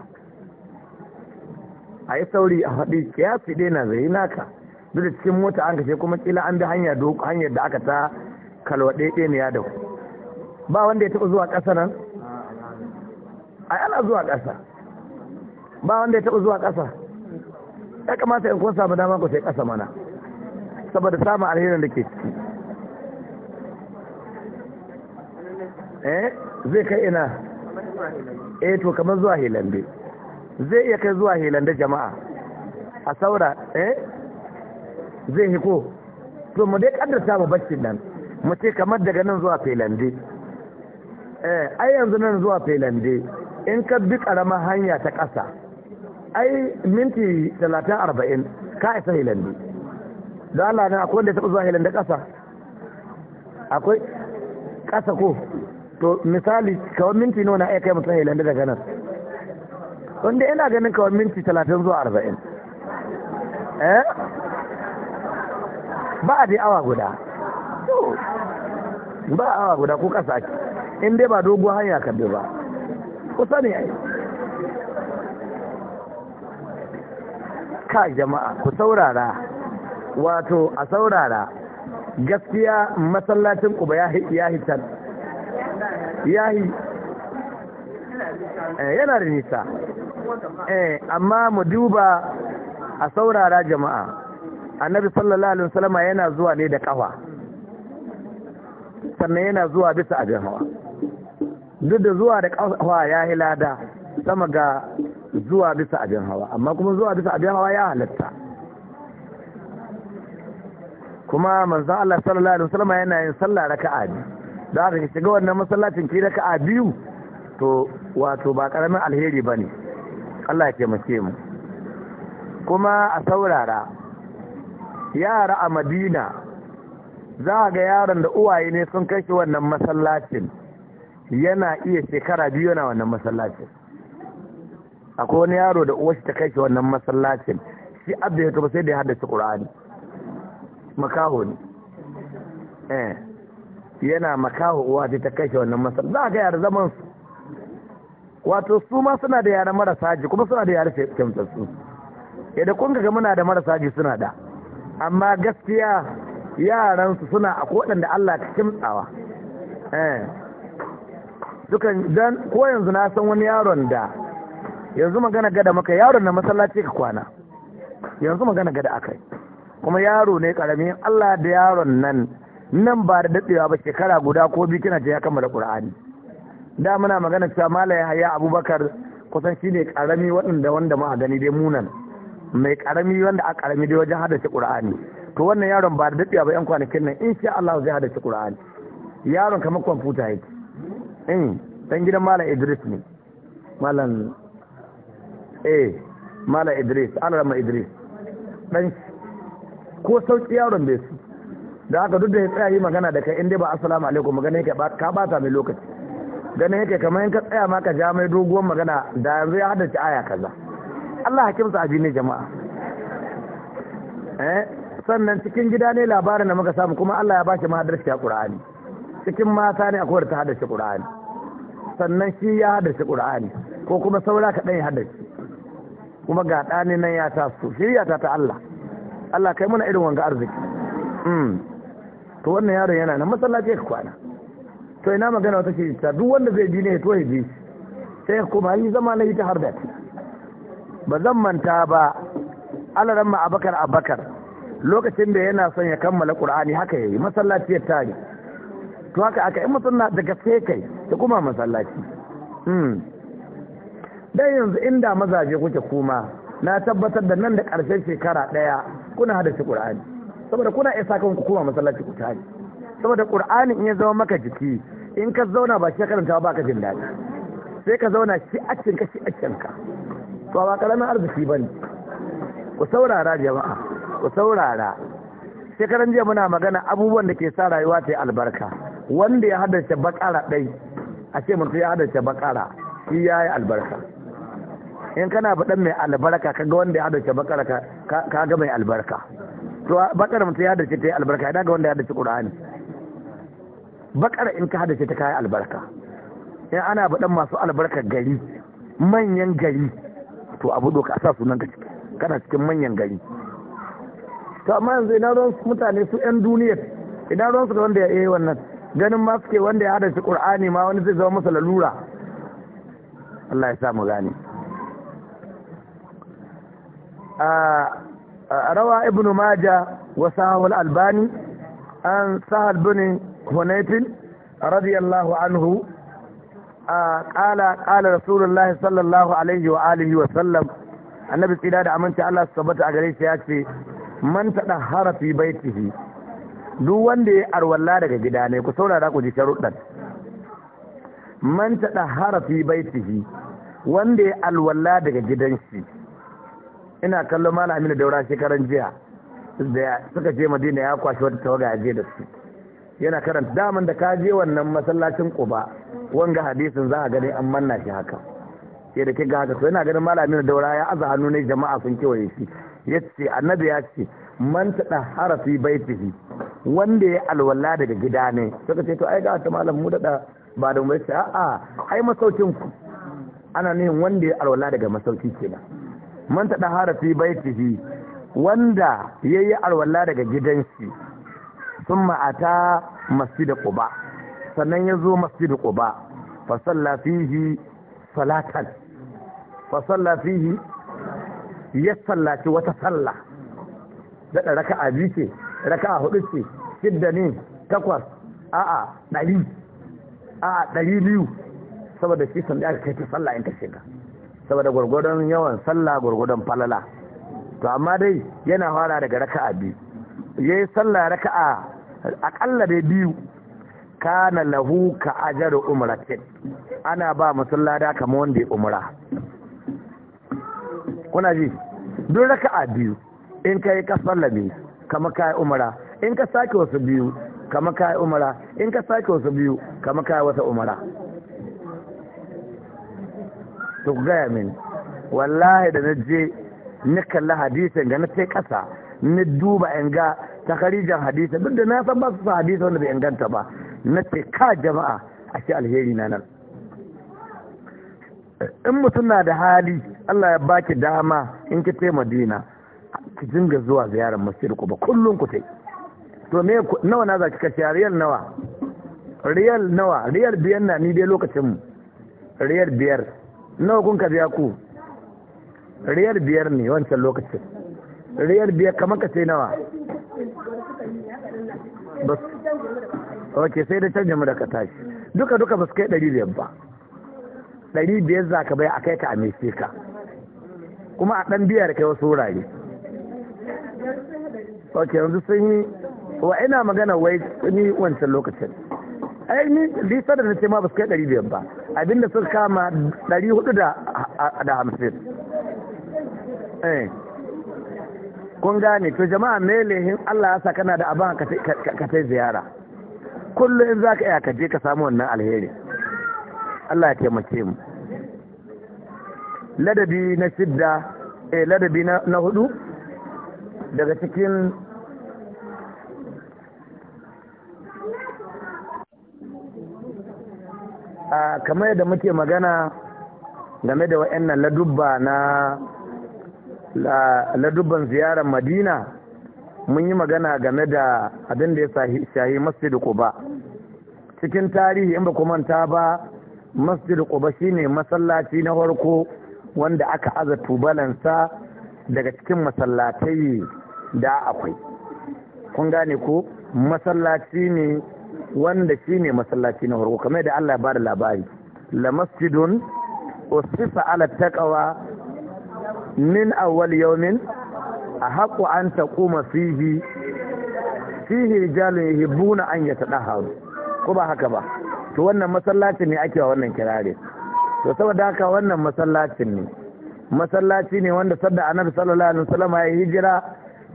a yi sauri a faɗi kiyasi dai na zai naka duk da cikin mota an kashe kuma kila an bi hanyar da aka ta kalwaɗe ɗaya ne ya dau ba wanda ya taɓa zuwa ƙasa nan a ana zuwa ƙasa ba wanda ya taɓa zuwa ƙasa ya kamata in kun samu dama ku sai ƙasa mana saboda samun alherin da ke ciki eh zai kai ina eh to kamar zuwa helande zai iya kai zuwa hilande jama'a a saura eh zai hiko to mu dai kaddarta mu bacci nan mu ce kamar daga nan zuwa hilande eh ai yanzu nan zuwa hilande in ka bi karamar hanya ta ƙasa ai minti 30 40 ka isa hilande da Allah ne akwai wanda ya taɓa zuwa hilande ƙasa akwai ƙasa ko to misali kawai minti nawa na aika mutum ya daga nan wanda yana ganin kawai minti talatin zuwa arba'in eh ba a dai awa guda ba awa guda ko kasa ake in dai ba dogon hanya ka bi ba kusa ne ai ka jama'a ku saurara wato a saurara gaskiya masallacin ku ba ya hitar ya yi eh, yana da nisa eh, amma mu duba a saurara jama'a annabi sallallahu alaihi wasallama yana zuwa ne da kafa sannan yana zuwa bisa abin hawa duk da zuwa da kafa ya yi lada sama ga zuwa bisa abin hawa amma kuma zuwa bisa abin hawa ya halatta kuma manzan Allah sallallahu alaihi wasallama yana yin sallah raka'a biyu da aka shiga wannan masallacin ki a biyu to wato ba karamin alheri ba ne Allah ya taimake mu kuma a saurara yara a madina za a ga yaron da uwaye ne sun kai shi wannan masallacin yana iya shekara biyu na wannan masallacin akwai wani yaro da uwashi ta kai wannan masallacin shi da ya tuba sai da ya haddace ƙura'ani makaho ne eh yana makaho uwa ta ta kashe wannan masar za ga yare zaman su wato su ma suna da yare marasa ji kuma suna da yara su, yadda kun ga muna da marasa ji suna da amma gaskiya yaran su suna a da Allah ka kimtsawa eh dukan dan ko yanzu na san wani yaron da yanzu magana gada maka yaron na masallaci ka kwana yanzu magana gada akai kuma yaro ne karamin Allah da yaron nan nan ba da daɗewa ba shekara guda ko biyu kina ce ya kammala ƙur'ani da muna magana cewa malaya haya abubakar kusan shine ƙarami waɗanda wanda ma gani dai munan mai ƙarami wanda a ƙarami dai wajen shi ƙur'ani to wannan yaron ba da daɗewa ba yan kwanakin nan insha Allah zai shi ƙur'ani yaron kamar kwamfuta yake in dan gidan malam Idris ne malam eh malam Idris Allah Idris dan ko sauki yaron bai su da haka duk da ya tsaya yi magana da kai inda ba assalamu alaikum magana yake ka bata mai lokaci ganin yake kamar in ka tsaya ma ka ja mai doguwar magana da yanzu ya haddace aya kaza Allah hakimsa abi ne jama'a eh sannan cikin gida ne labarin da muka samu kuma Allah ya bashi mahadarci a Qur'ani cikin mata ne akwai ta haddace Qur'ani sannan shi ya haddace Qur'ani ko kuma saura ka dan ya haddace kuma ga ɗani nan ya taso shirya ta ta Allah Allah kai muna irin wanga arziki hmm. to wannan yaron yana nan masallaci ya kwana to ina magana wata ce ta duk wanda zai bi ne to ya bi sai kuma yi zama na yi ta har da ba zan manta ba alaran ma abakar abakar lokacin da yana son ya kammala qur'ani haka yayi masallaci ya tare to haka aka in mutum daga sai kai ta kuma masallaci hmm dan yanzu inda mazaje kuke kuma na tabbatar da nan da karshen shekara ɗaya kuna hada shi qur'ani saboda kuna iya sa kanku kuma masallaci ku tare saboda qur'ani in ya zama maka jiki in ka zauna ba shi ka karanta ba ka jin daɗi sai ka zauna shi cikin ka shi cikin ka to ba karamin arziki bane ku saurara jama'a ku saurara shekaran jiya muna magana abubuwan da ke sa rayuwa ta yi albarka wanda ya haddace bakara ɗai a ce mutum ya haddace bakara shi ya yi albarka in kana faɗan mai albarka kaga wanda ya haddace bakara ka ga mai albarka to bakar mutum ya dace ta yi albarka ya ga wanda ya dace ƙura'ani bakar in ka dace ta kayan albarka in ana baɗan masu albarka gari manyan gari to abu doka a sa sunan ka ciki kana cikin manyan gari to amma yanzu ina ruwan mutane su yan duniyar ina ruwan su da wanda ya yi eh, wannan ganin ma suke wanda ya hadace qur'ani ma wani zai zama masa lalura Allah ya sa mu gane ah, روى ابن ماجه وسهو الألباني عن سهل بن هنيف رضي الله عنه قال قال رسول الله صلى الله عليه وآله وسلم annabi tsira da aminci Allah su tabbata a gare shi ya ce man taɗa harafi baitihi duk wanda ya arwalla daga gida ne ku saurara ku ji sharuɗan man taɗa harafi baitihi wanda ya alwala daga gidan shi ina kallon malam aminu daura shekaran jiya da suka je madina ya kwashi wata tawaga ya je da su yana karanta daman da ka je wannan masallacin kuba wanga hadisin za a gani an manna shi haka sai da kiga haka so yana ganin malamin daura ya aza hannu ne jama'a sun kewaye shi ya ce annabi ya ce man da harafi baitihi wanda ya alwala daga gida ne suka ce to ai ga ta malam mu dada ba da mu ya a a'a ai masaukin ku ana ne wanda ya alwala daga masauki kenan man ta dahara fi baitihi wanda ya yi alwala daga gidan sun ma'ata ata masjid quba sannan yazo masjid quba fa salla fihi salatan fa ya sallaci wata salla da raka'a biyu ce raka'a hudu ce shidda ne takwas a'a ɗari a'a ɗari biyu saboda shi sun da aka kai ta sallah in ta shiga saboda gwargwadon yawan sallah gwargwadon falala to amma dai yana fara daga raka'a biyu yayi sallah raka'a akalla dai biyu kana lahu ka ajaru umratin ana ba musallada kamar wanda ya umra kuna ji duk raka'a biyu in kai ka sallame kamar kai umra in ka sake wasu biyu kamar kai umra in ka sake wasu biyu kamar kai wata umra su gaya mini wallahi da na je nika la hadisin ga na sai kasa ni duba in ga takarijan hadisin duk da na san ba su hadisi wanda bai inganta ba na ce ka jama'a a ce alheri na nan in mutum na da hali Allah ya baki dama in ki tai Madina ki dinga zuwa ziyarar masjid ku ba kullun ku tai to me nawa na za ki kashe riyal nawa riyal nawa riyal biyar na ni dai lokacin mu riyal biyar nawa kun ka biya ku riyar biyar ne wancan lokacin riyar biyar kamar ka ce nawa ok sai da canjin da ka tashi duka duka ba su kai ɗari biyar ba ɗari biyar za ka bai a kai ka a mece ka kuma a ɗan biyar kai wasu wurare ok yanzu sun yi wa ina magana wai sun yi wancan lokacin ai ni lisa da na ce ma ba su kai ɗari biyar ba abinda suka kama 450 hamsin, eh. kun gane to jama'a mai melehin Allah ya sa kana da abin ka kai ziyara kullum in za ka iya kaje ka samu wannan alheri Allah ya taimake mu ladabi na shidda eh ladabi na hudu daga cikin a kamar yadda muke magana game da wa'annan ladubba na ladubban ziyarar madina mun yi magana game da abin da ya shahi masjid quba cikin tarihi in ba kuma manta ba masjid quba shine masallaci na farko wanda aka aza tubalansa daga cikin masallatai da akwai kun gane ko masallaci ne wanda ne masallaci na farko kamar da Allah ya bada labari la masjidun usifa ala taqwa min awwal yawmin ahaqqu an taquma fihi fihi rijalun yuhibbuna an yatadahharu ko ba haka ba to wannan masallacin ne ake wa wannan kirare to saboda haka wannan masallacin ne masallaci ne wanda sadda annabi sallallahu alaihi wasallam ya hijira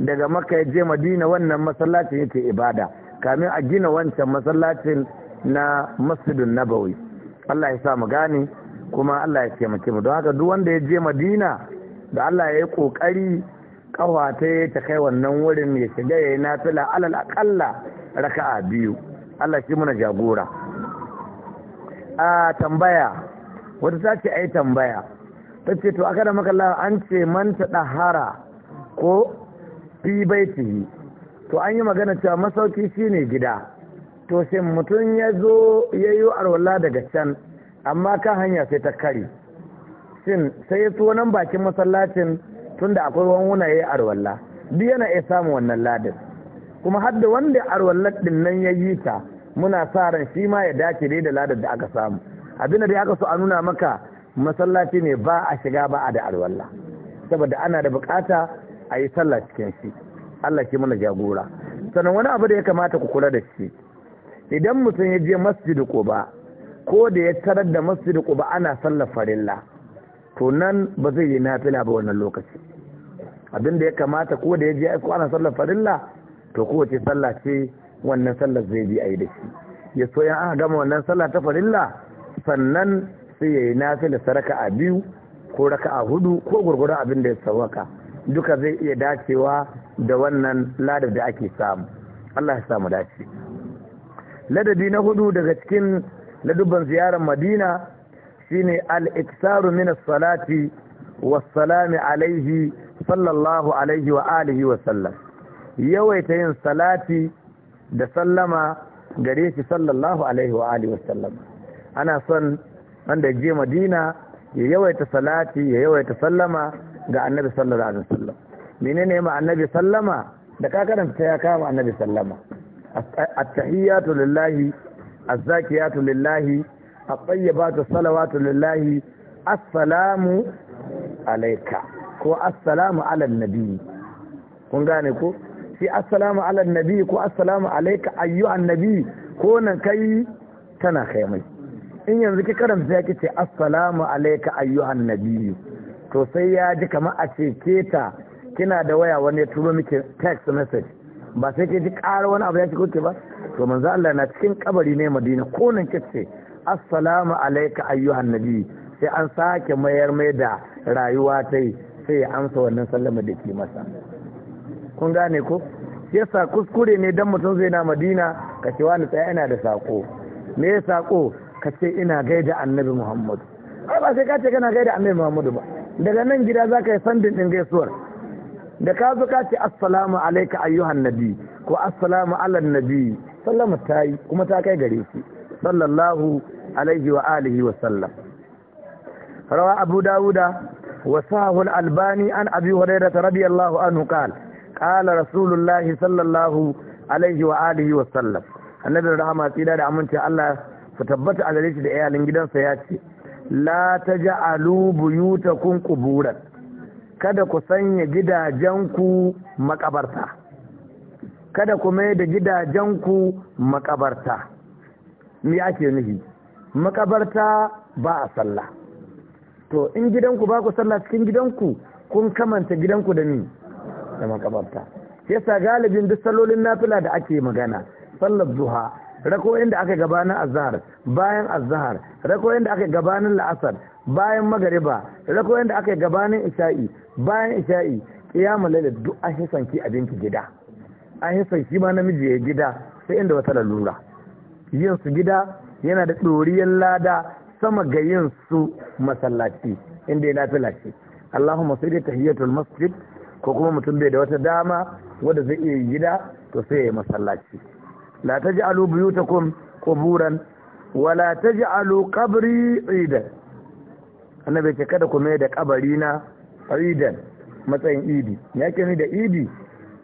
daga makka ya je madina wannan masallacin yake ibada kamin a gina wancan masallacin na masjidun nabawi Allah ya sa mu gane kuma Allah ya taimake mu don haka duk wanda ya je Madina da Allah ya yi kokari kawa ta ta kai wannan wurin ya shiga ya yi nafila alal akalla raka'a biyu Allah shi muna jagora a tambaya wata ta ce ai tambaya ta ce to aka da makalla an ce man ta dahara ko fi baitihi to an yi magana cewa masauki shine gida to shin mutum ya zo ya yi arwala daga can amma kan hanya sai ta kari shin sai ya so nan bakin masallacin tunda akwai wuna ya yi arwala duk yana iya samun wannan ladin kuma har da wanda arwala din nan ya yi ta muna sa ran shi ma ya dace dai da Ladis da aka samu abinda dai aka so a nuna maka masallaci ne ba a shiga ba a da arwala saboda ana da bukata a yi sallah cikin shi Allah ke mana jagora sannan wani abu da ya kamata ku kula da shi idan mutum ya je masjid quba ko da ya tarar da masjid quba ana sallar farilla to nan ba zai yi nafila ba wannan lokaci abin da ya kamata ko da ya je ko ana sallar farilla to kowace sallah ce wannan sallar zai bi ayi da shi ya so yan aka gama wannan sallah ta farilla sannan sai ya yi nafila saraka a biyu ko raka a hudu ko gurgurdan abin da ya sawaka duka zai iya dacewa da wannan ladar da ake samu Allah ya samu dace ladabi na hudu daga cikin ladubban ziyarar madina shine al-iktaru min salati was-salami alaihi sallallahu alaihi wa alihi wa sallam yawaita yin salati da sallama gare shi sallallahu alaihi wa alihi wa sallam ana son wanda je madina ya yawaita salati ya yawaita sallama ga annabi sallallahu alaihi wasallam menene ma annabi sallama da ka karanta ya kama annabi sallama at-tahiyatu lillahi az-zakiyatu lillahi at-tayyibatu salawatu lillahi assalamu alayka ko assalamu ala nabi kun gane ko shi assalamu ala nabi ko assalamu alayka ayyuhan nabi ko nan kai tana kai mai in yanzu ki karanta ya kice assalamu alayka ayyuhan nabi to sai ya ji kamar a ce keta kina da waya wani ya turo miki text message ba sai ke ji ƙara wani abu ya shigo kuke ba to manzo Allah na cikin kabari ne Madina ko nan kace assalamu alayka ayyuhan nabi sai an sake mayar mai da rayuwa ta yi sai ya amsa wannan sallama da ke masa kun gane ko yasa kuskure ne dan mutum zai na Madina ka ce wani tsaya ina da sako me ya sako ka ce ina gaida annabi Muhammad ai ba sai ka ce kana gaida annabi Muhammad ba daga nan gida za ka yi sandin ɗin gaisuwar da ka zo ka ce assalamu alaika ayyuhan nabi ko assalamu ala nabi sallama ta yi kuma ta kai gare shi sallallahu alaihi wa alihi wa sallam rawa abu dawuda wa sahul albani an abi hurairah radiyallahu anhu qala qala rasulullahi sallallahu alaihi wa alihi wa sallam annabi rahama tsida da aminci Allah su tabbata a gare shi da iyalin gidansa ya ce la ta ja'alu kun quburan kada ku sanya gidajenku makabarta kada ku mai da gidajenku makabarta mi ake nufi makabarta ba a sallah to in gidanku ba ku sallah cikin gidanku kun kamanta gidanku da ni da makabarta yasa galibin duk salolin nafila da ake magana sallar duha rakoyin da aka gabanin azhar bayan azhar rakoyin da aka gabanin la'asar bayan magariba rakoyin da aka gabanin isha'i bayan isha'i qiyamul layl duk an hisanki abinki gida an shi ma namiji ya gida sai inda wata lalura yin su gida yana da ɗoriyar lada sama ga yin su masallaci inda ya nafi lashe Allahumma sai dai tahiyatul masjid ko kuma mutum bai da wata dama wanda zai iya gida to sai ya masallaci la ta ta ji alu biyu kun kuburan wala wa la alu kabari idan annabi ce kada ku mai da kabari na idan matsayin idi yake ni da idi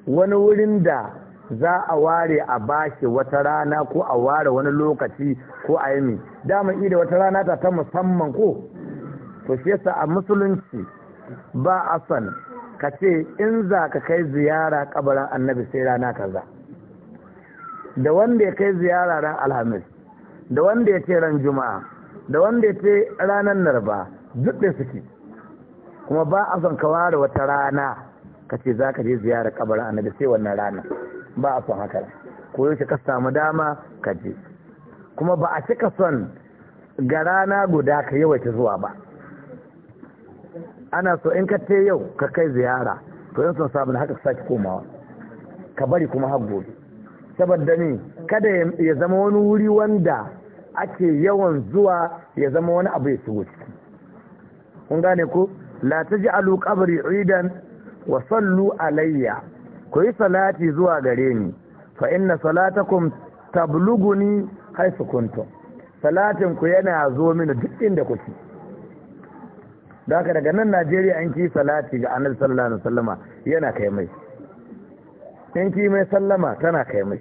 wani wurin da za a ware a bashi wata rana ko a ware wani lokaci ko a yami dama idi wata rana ta ta musamman ko to shi yasa a musulunci ba a san ka ce in za ka kai ziyara kabarin annabi sai rana ka za. da wanda ya kai ziyara ran alhamis da wanda ya ce ran juma'a da wanda ya ce ranar narba duk da suke kuma ba a son ka ware wata rana ka ce za ka je ziyara kabarin da sai wannan rana ba a son haka ko yaushe ka samu dama ka je kuma ba a cika son ga rana guda ka yawaita zuwa ba ana so in ka te yau ka kai ziyara to yin son sabon haka sake komawa ka bari kuma har gobe saboda ne kada ya zama wani wuri wanda ake yawan zuwa ya zama wani abu ya shigo ciki kun gane ku la alu qabri idan wa sallu alayya ku yi salati zuwa gare ni fa inna salatakum tabluguni haisu kuntum salatin ku yana zo mini duk inda kuke da haka daga nan Najeriya an ki salati ga Annabi sallallahu alaihi wasallama yana kai mai in ki mai sallama tana kai mai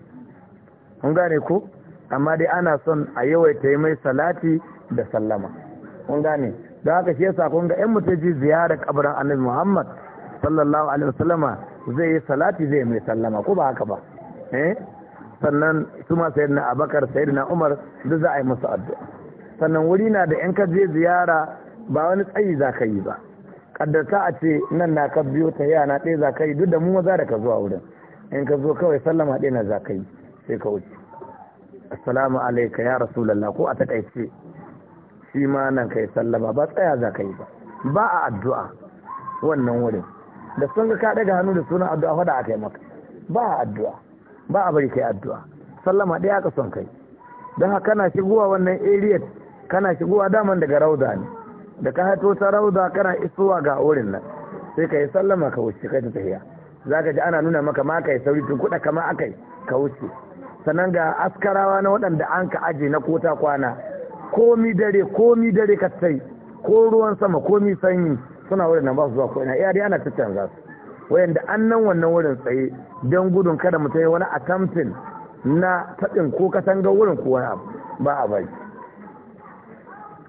kun gane ku? amma dai ana son a yawaita yi mai salati da sallama kun gane da haka shi yasa kun ga 'yan mutum ji ziyarar kabarin annabi muhammad sallallahu alaihi wasallama zai yi salati zai mai sallama ko ba haka ba eh sannan su ma sayyidina abakar sayyidina umar duk za a yi musu addu'a sannan wuri na da 'yan ka je ziyara ba wani tsayi za ka yi ba kaddarta a ce nan na ka biyo ta yana ɗaya za ka yi duk da mu maza da ka zuwa wurin in ka zo kawai sallama ɗaya na za ka yi sai ka wuce assalamu alaika ya rasulallah ko a ƙaice. shi ma nan ka yi sallama ba tsaya za ka yi ba ba a addu'a wannan wurin da sun ga ka daga hannu da sunan addu'a fada aka yi maka ba a addu'a ba a bari kai addu'a sallama ɗaya ka son kai don haka kana shigowa wannan area kana shigowa daman daga rauda ne da ka haito ta rauda kana isowa ga wurin nan sai ka yi sallama ka wuce kai ta tafiya za ka ji ana nuna maka ma kai sauri tun kuɗa kama akai ka wuce sannan ga askarawa na waɗanda an ka aje na kota kwana komi dare komi dare ka sai ko ruwan sama komi sanyi suna wurin nan ba su zuwa ko ina iya dai ana tattan za su wayanda an nan wannan wurin tsaye don gudun kada mu yi wani attempting na taɗin ko katanga wurin ko wani abu ba a bari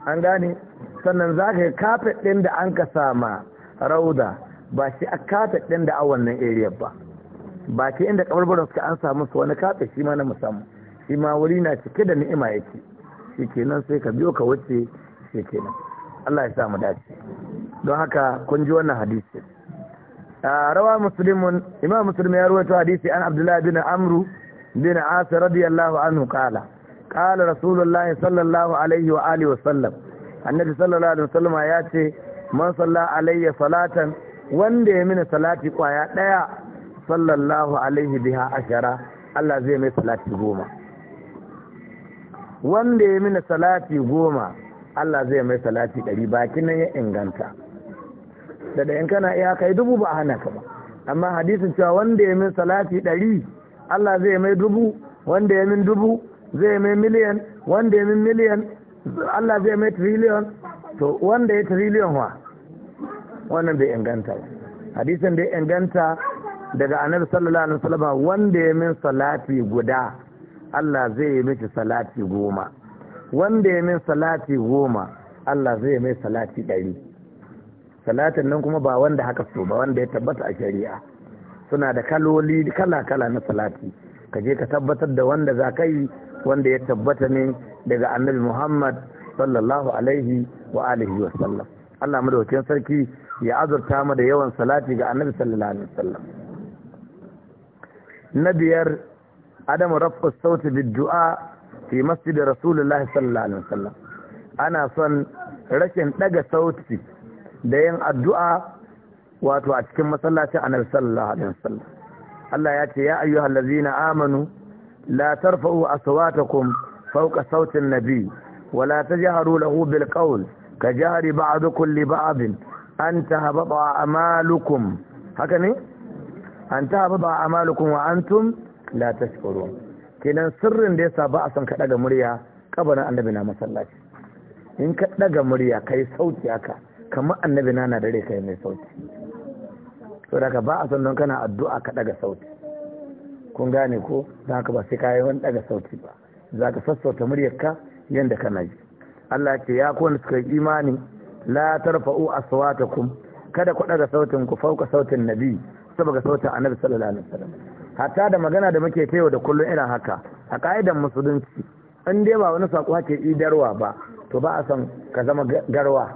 an gane sannan za ka yi kafet ɗin da an ka sama rauda ba shi a kafet ɗin da awon nan area ba ba ke inda kabarbaran suka an samu su wani kafet shi ma na musamman shi ma wuri na cike da ni'ima yake shi kenan sai ka biyo ka wuce shi kenan Allah ya sa mu dace don haka kun ji wannan hadisi rawa muslimun imam muslim ya rawaito hadisi an abdullahi bin amru bin asir radiyallahu anhu qala qala rasulullahi sallallahu alaihi wa alihi wa sallam annabi sallallahu alaihi wa sallam ya ce man salla alayya salatan wanda ya mini salati kwaya ɗaya sallallahu alaihi biha ashara Allah zai mai salati goma wanda ya mini salati goma Allah zai mai salati ɗari baki nan ya inganta daga in kana iya kai dubu ba hana ka ba amma hadisin cewa wanda ya min salati ɗari Allah zai mai dubu wanda ya min dubu zai mai miliyan wanda ya min miliyan Allah zai mai triliyon to wanda ya triliyon wa wannan bai inganta ba hadisin inganta daga annabi sallallahu alaihi wasallam wanda ya min salati guda Allah zai yi miki salati goma wanda ya min salati goma Allah zai yi mai salati ɗari salatin nan kuma ba wanda haka so ba wanda ya tabbata a shari'a suna da kaloli kala kala na salati ka je ka tabbatar da wanda za ka yi wanda ya tabbata ne daga annabi Muhammad sallallahu alaihi wa alihi wa sallam Allah madaukakin sarki ya azurta mu da yawan salati ga annabi sallallahu alaihi wasallam na biyar adam rafa sauti biddu'a fi masjid rasulullah sallallahu alaihi wasallam ana son rashin daga sauti da yin addu'a wato a cikin masallacin annabi sallallahu alaihi wasallam Allah ya ce ya ayyuhal ladzina amanu la tarfa'u aswatakum fawqa sautin nabi ولا تجهروا له بالقول كجهر بعضكم لبعض an ta a malukun haka ne an ta a malukun wa tun la koro kenan sirrin da ya sa ba a son ka ɗaga murya kabarin annabi na masallaci in ka ɗaga murya ka yi sauti haka kamar annabi na na dare kai mai sauti so da ba a son don kana addu'a ka ɗaga sauti kun gane ko za ka ba sai kayan wani ɗaga sauti ba za ka sassauta muryarka yadda kana ji Allah ce ya kowane suka imani la tarfa'u aswatakum kada ku daga sautin ku fauka sautin nabi saboda sautin annabi sallallahu alaihi wasallam hatta da magana da muke kaiwa da kullun irin haka a ka'idan musulunci in dai ba wani sako ake idarwa ba to ba a son ka zama garwa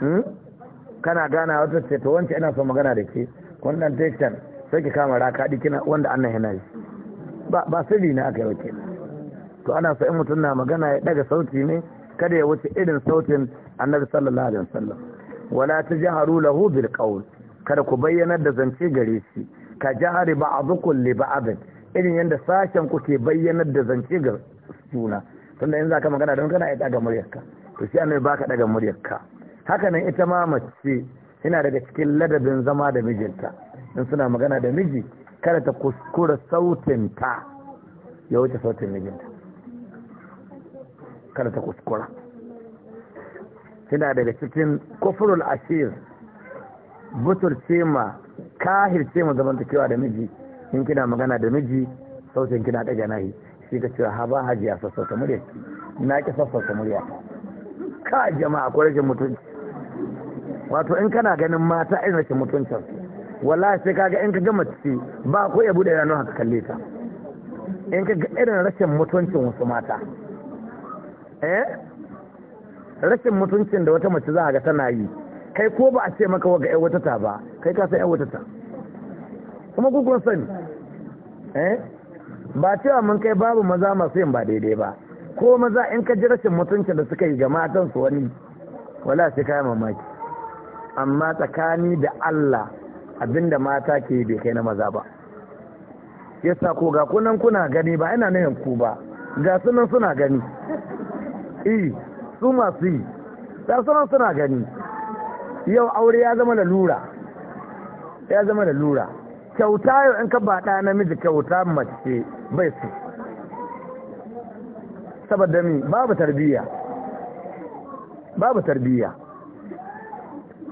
hmm? kana gana wata ce to wance ina son magana da ke wannan tekstan sai ki kama raka kina wanda annan yana yi ba sirri na aka yi to ana so in mutum na magana ya daga sauti ne kada ya wuce irin sautin annabi sallallahu alaihi wasallam wala tajharu lahu bil qawl kada ku bayyanar da zance gare shi ka jahari ba'dukum li ba'd irin yanda sashen ku ke bayyanar da zance ga juna tunda yanzu zaka magana don kana ita ga muryarka to shi annabi baka daga muryarka haka nan ita ma mace yana daga cikin ladabin zama da mijinta in suna magana da miji kada ta kuskura sautinta ya wuce sautin mijinta kada ta kuskura tana daga cikin kufurul ashir ce ma kahirce ma zamantakewa da miji in kina magana da miji sautin kina ɗaga nahi shi ka cewa haba hajiya sassauta murya na ki sassauta murya ka jama'a ko rashin mutunci wato in kana ganin mata irin rashin mutuncin wala sai kaga in ka ga mace ba ko ya bude ranu haka kalle ta in ka ga irin rashin mutuncin wasu mata eh rashin mutuncin da wata mace za a ga tana yi kai ko ba a ce maka waga yan ta ba kai ka san yan ta? kuma kukun sani eh ba cewa mun kai babu maza masu yin ba daidai ba ko maza in ka ji rashin mutuncin da suka yi ga matansu wani wala sai kai mamaki amma tsakani da Allah abinda mata ke bai kai na maza ba yasa ko ga kunan kuna gani ba ina nan ku ba ga sunan suna gani eh su masu yi da sanar suna gani yau aure ya zama lalura ya zama lalura kyauta yau in ka baɗa namiji kyauta mace bai su saboda mi babu tarbiyya babu tarbiyya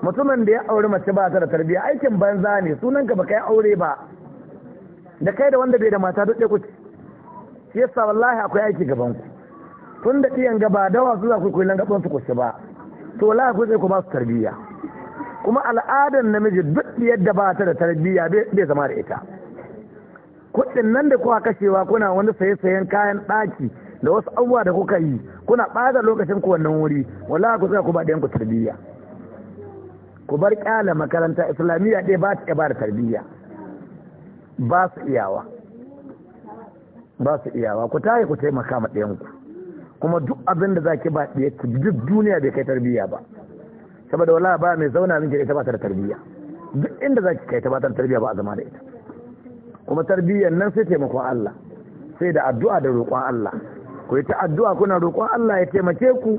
mutumin da ya aure mace ba ta da tarbiyya aikin banza ne sunan ka baka yi aure ba da kai da wanda bai da mata duk ɗaya kuci shi yasa wallahi akwai aiki gaban ku tun da tiyan gaba da su za ku koyi langaban su ku ba to la ku sai ku ba su tarbiyya kuma al'adar namiji duk yadda ba ta da tarbiyya bai zama da ita kuɗin nan da kuka kashewa kuna wani saye-sayen kayan ɗaki da wasu abubuwa da kuka yi kuna ɓata lokacin ku wannan wuri wala ku tsaya ku ba ɗayan ku tarbiyya ku bar ƙyala makaranta islamiyya ɗaya ba ta ba da tarbiyya ba su iyawa ba su iyawa ku tayi ku taimaka ma ɗayan ku kuma duk abin da zaki ba duk duniya bai kai tarbiyya ba saboda wala ba mai zauna min ita ba ta da tarbiyya duk inda zaki kai ta ba tarbiyya ba a zama da ita kuma tarbiyyar nan sai taimakon Allah sai da addu'a da roƙon Allah ku yi ta addu'a kuna roƙon Allah ya taimake ku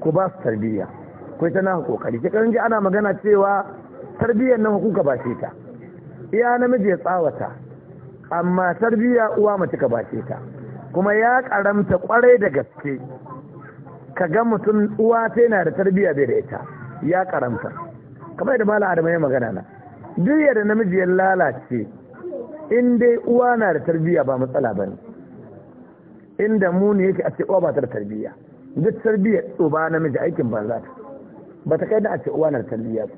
ku ba su tarbiyya ku yi ta nan kokari ki karin ana magana cewa tarbiyyar nan kuka ba shi ta iya namiji ya tsawata amma tarbiyya uwa mace ka ba shi ta kuma ya karamta kwarai da gaske ka ga mutum uwa ta yana da tarbiyya bai da ita ya karamta kamar da mala adama ya magana na duk yadda namiji ya lalace in dai uwa na da tarbiyya ba matsala ba ne inda mu ne yake a ce uwa ba ta da tarbiyya duk tarbiyya ba namiji aikin banza ta ba ta kai da a ce uwa na da tarbiyya ba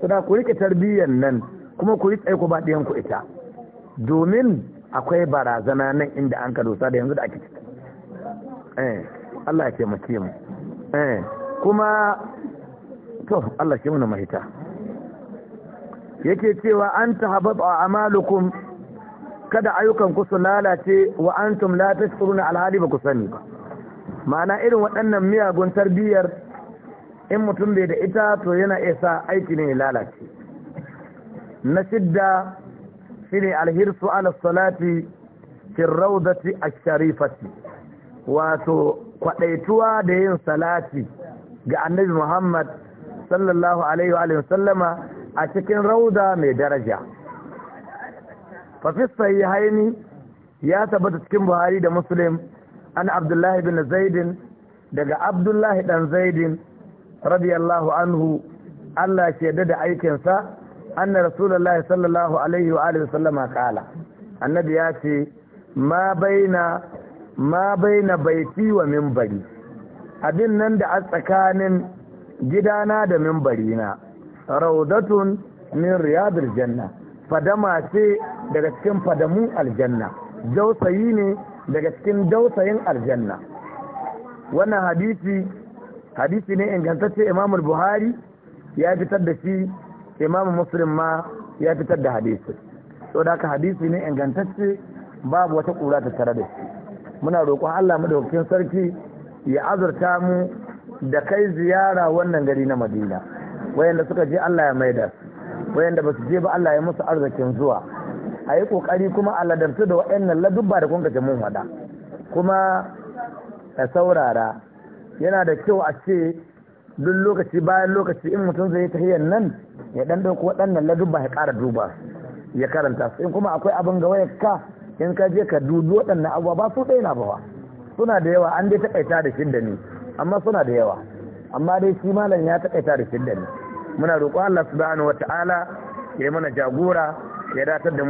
su da ku rike tarbiyyan nan kuma ku yi tsaye ba ɗiyan ku ita domin akwai barazana nan inda an ka dosa da yanzu da ake ciki eh Allah ya taimake mu eh kuma to Allah shi mun mahita yake cewa an tahabbata amalukum kada ayyukan ku su lalace wa antum la tashkuruna alhali ba ku sani ba ma'ana irin waɗannan miyagun tarbiyyar in mutum bai da ita to yana iya aiki ne ya lalace na shidda shine alhirsu ala salati fi rawdati ash-sharifati wato kwadaituwa da yin salati ga annabi Muhammad sallallahu alaihi wa sallama a cikin rauda mai daraja fa fi sahihaini ya tabbata cikin Buhari da Muslim an Abdullahi bin Zaidin daga Abdullahi dan Zaidin radiyallahu anhu Allah yadda da aikinsa anna rasulullahi sallallahu alaihi wa alihi sallama kala annabi ya ce ma baina ma baina baiti wa minbari abin nan da a tsakanin gidana da minbari na raudatun min riyadul janna fadama ce daga cikin fadamun aljanna dausayi ne daga cikin dausayin aljanna wannan hadisi hadisi ne ingantacce imamul buhari ya fitar da shi imamu muslim ma ya fitar da hadisi so da haka hadisi ne ingantacce babu wata kura ta tare da shi muna roƙon Allah madaukakin sarki ya azurta mu da kai ziyara wannan gari na Madina wayanda suka je Allah ya maida wayanda basu je ba Allah ya musu arzikin zuwa a yi ƙoƙari kuma a ladartu da wayannan ladubba da kun gaje mun kuma a saurara yana da kyau a ce duk lokaci bayan lokaci in mutum zai tahiyar nan ya dan dauko waɗannan ladubba ya ƙara duba ya karanta su in kuma akwai abin ga wayar ka in ka je ka dubi waɗannan abubuwa ba su ɗaya na bawa suna da yawa an dai takaita da da ni amma suna da yawa amma dai shi malam ya takaita da da ni muna roƙon Allah subhanahu wataala ya yi mana jagora ya datar da